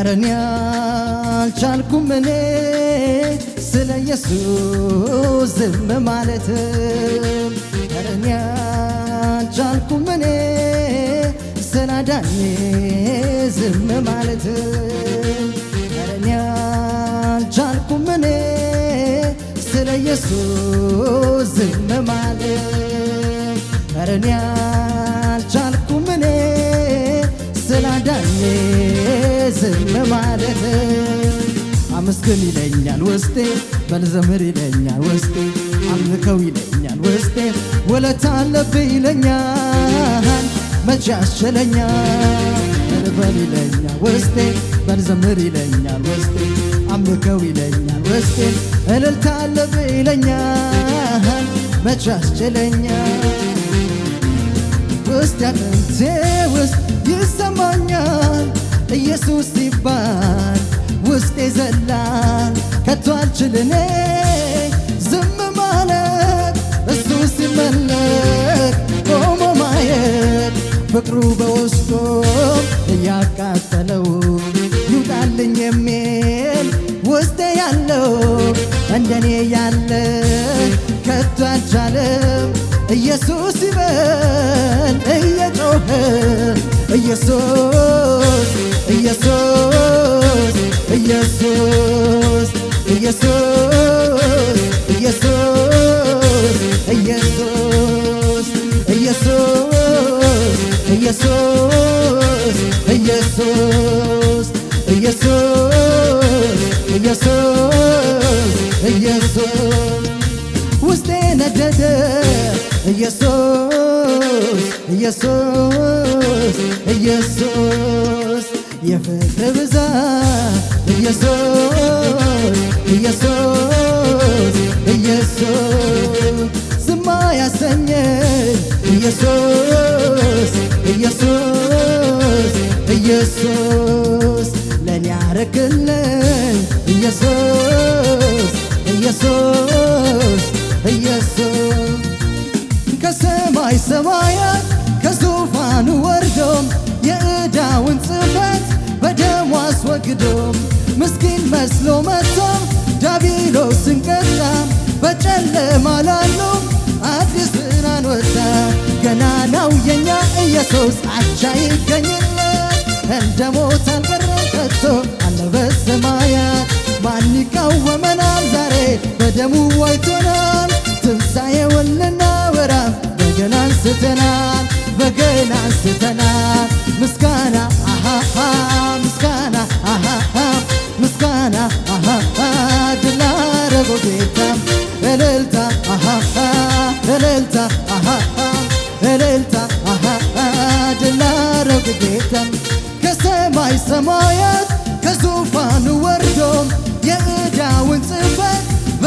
አረን ያልቻልኩም እኔ ስለ ኢየሱስ ዝም ማለት አረን ያልቻልኩም እኔ ስላዳኝ ዝም ማለት አረን ያልቻልኩም እኔ ስለ ኢየሱስ ዝም ማለት አረን ሲያዳኝ ዝም ማለት አመስግን ይለኛል ውስጤ፣ በልዘምር ይለኛል ውስጤ፣ አምልከው ይለኛል ውስጤ፣ ውለታ አለብህ ይለኛል መቼ አስችለኛል ልበል ይለኛል ውስጤ፣ በልዘምር ይለኛል ውስጤ፣ አምልከው ይለኛል ውስጤ፣ እልልታ አለብ ይለኛል መቼ አስችለኛል ውስጥ ያንንቴ ውስጥ ኢየሱስ ሲባል ውስጤ ዘላል ከቶ አልችልኔ ዝም ማለት እሱ ሲመለክ ቆሞ ማየት ፍቅሩ በውስጡ እያቃጠለው ይውጣልኝ የሚል ውስጤ ያለው እንደኔ ያለ ከቶ አልቻለም ኢየሱስ ኢየሱስ ኢየሱስ ኢየሱስ ኢየሱስ ኢየሱስ ኢየሱስ የፍቅር ብዛት ኢየሱስ ኢየሱስ ኢየሱስ ዝማ ያሰኘን ኢየሱስ ኢየሱስ ኢየሱስ ለኔ ያረክልን ኢየሱስ ኢየሱስ ኢየሱስ ከሰማይ ሰማይ መስሎ መጥቶ ዲያብሎስን ቀጣ። በጨለማ ላሉ አዲስ ብርሃን ወጣ። ገናናው የኛ ኢየሱስ አቻ ይገኝለ እንደ ሞት አልቀረ ከቶ አለ በሰማያት ማን ይቃወመናል? ዛሬ በደሙ ዋጅቶናል። ወልና ወራም በገና አንስተናል፣ በገና አንስተናል ምስጋና አሃሃም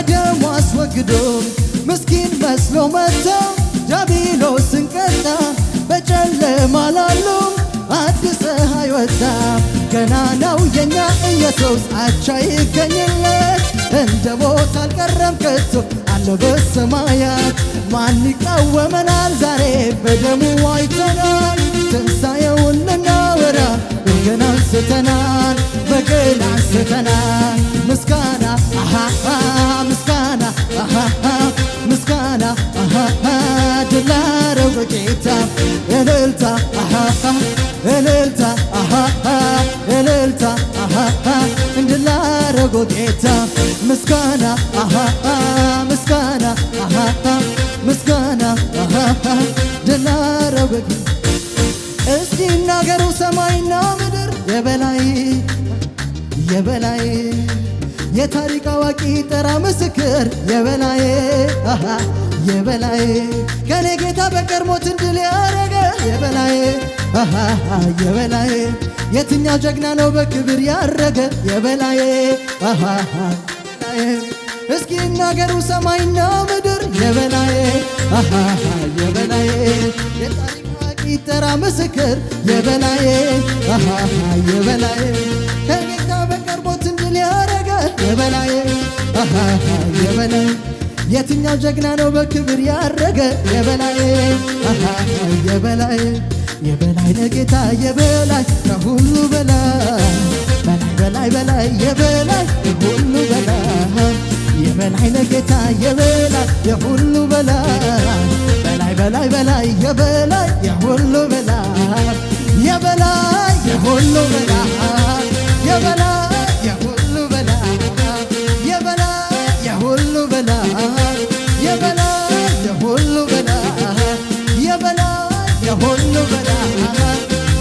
ከደሙ አስወግዶ ምስኪን መስሎ መጣ ዲያብሎስን ቀጣ። በጨለማ ላሉ አዲስ ፀሐይ ወጣ። ገና ነው የኛ ኢየሱስ አቻ ይገኝለት እንደ ቦታ አልቀረም ከቶ አለ በሰማያት ማን ይቃወመናል? ዛሬ በደሙ ዋጅተናል። ትንሣኤውን ልናወራ በገና አንስተናል፣ በገና አንስተናል ምስጋና እልልታ ምስክር የበላዬ የበላዬ ከኔ ጌታ በቀር ሞት ድል ያረገ የበላዬ የበላዬ የትኛው ጀግና ነው በክብር ያረገ የበላዬ እስኪ እናገሩ ሰማይና ምድር የበላዬ የበላዬ የታሪክ ምስክር የበላዬ የበላዬ ከጌታ በቀር ሞትን ድል ያረገ የበላዬ የበላይ የትኛው ጀግና ነው በክብር ያረገ የበላይ የበላይ የበላይ ለጌታ የበላይ ከሁሉ በላይ በላይ በላይ የበላይ የሁሉ በላይ የበላይ ለጌታ የበላይ የሁሉ በላይ በላይ በላይ በላይ የበላይ የሁሉ በላይ የበላይ የሁሉ በላይ በላይ የበላይ የሁሉ በላይ የበላይ የሁሉ በላይ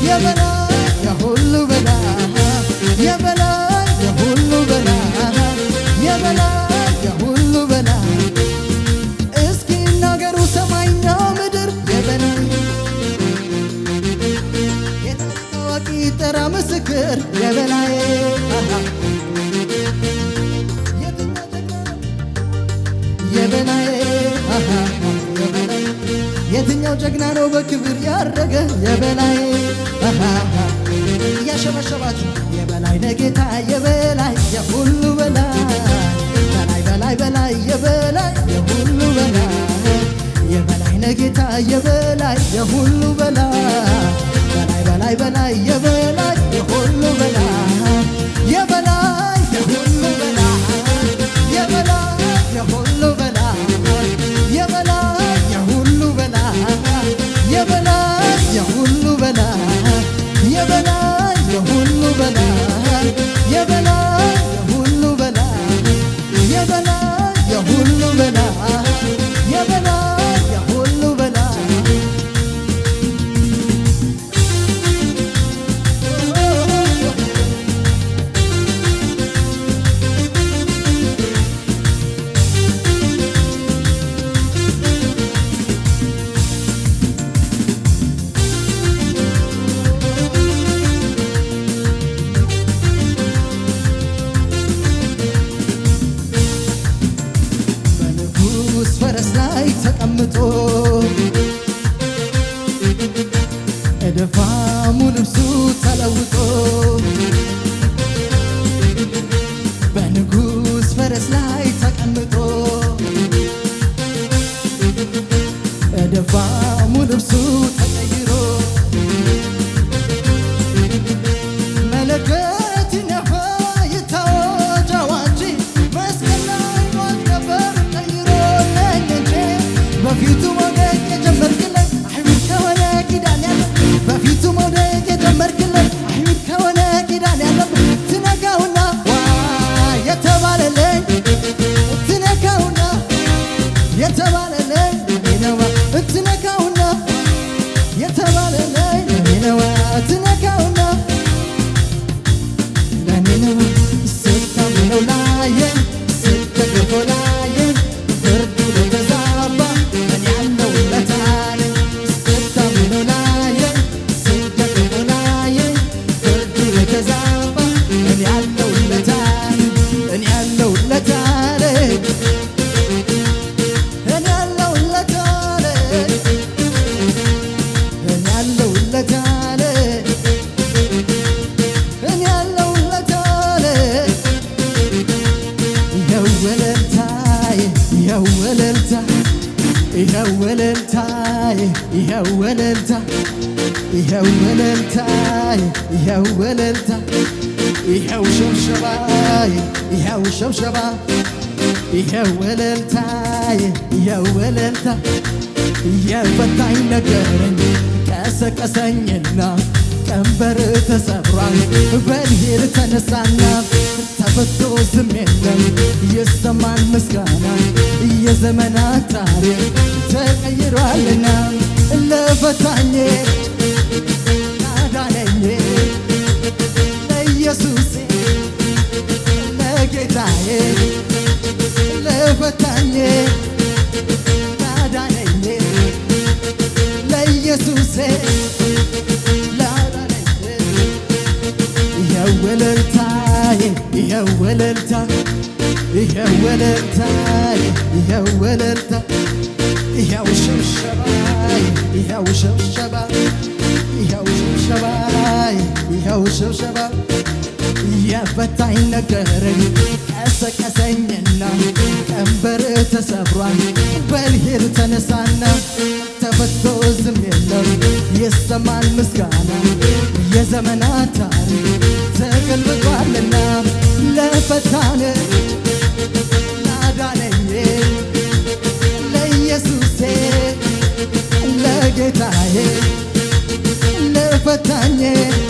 የበላይ የሁሉ በላይ የበላይ የሁሉ በላይ የበላይ የሁሉ በላይ እስኪ ይናገሩ ሰማይና ምድር የበላይ የታዋቂ ጠራ ምስክር ነው በክብር ያረገ የበላይ እያሸበሸባችሁ የበላይ ነጌታ የበላይ የሁሉ በላይ በላይ በላይ በላይ የበላይ የሁሉ በላይ የበላይ ነጌታ የበላይ የሁሉ በላይ የገባ ሙልብሱ ወለልታ ይኸው ወለልታ ይኸው ወለልታ ይኸው ሸብሸባ ይኸው ሸብሸባ ይኸው ወለልታ ይኸው ወለልታ የፈታኝ ነገረኝ ቀሰቀሰኝና ቀንበር ተሰብሯል በልሄድ ተነሳና ተፈቶ ስም የለም የሰማን ምስጋና የዘመናት ታሪክ ተቀይሯልና ፈታኝ አዳነኝ ለኢየሱስ ለጌታዬ ለፈታኝ ላዳነኝ ለኢየሱስ ላዳነኝ የወለልታዬ የወለልታ የወለልታዬ የወለልታ ይኸው ሽብሸባ ይኸው ስብሰባ ይኸው ስብሰባ ይኸው ስብሰባ የፈታኝ ነገር ቀሰቀሰኝና ቀንበር ተሰብሯል። በልሄድ ተነሳና ተፈቶ ዝም የለም የሰማል ምስጋና የዘመናት ታሪክ ተገልብጧልና ለፈታን montaña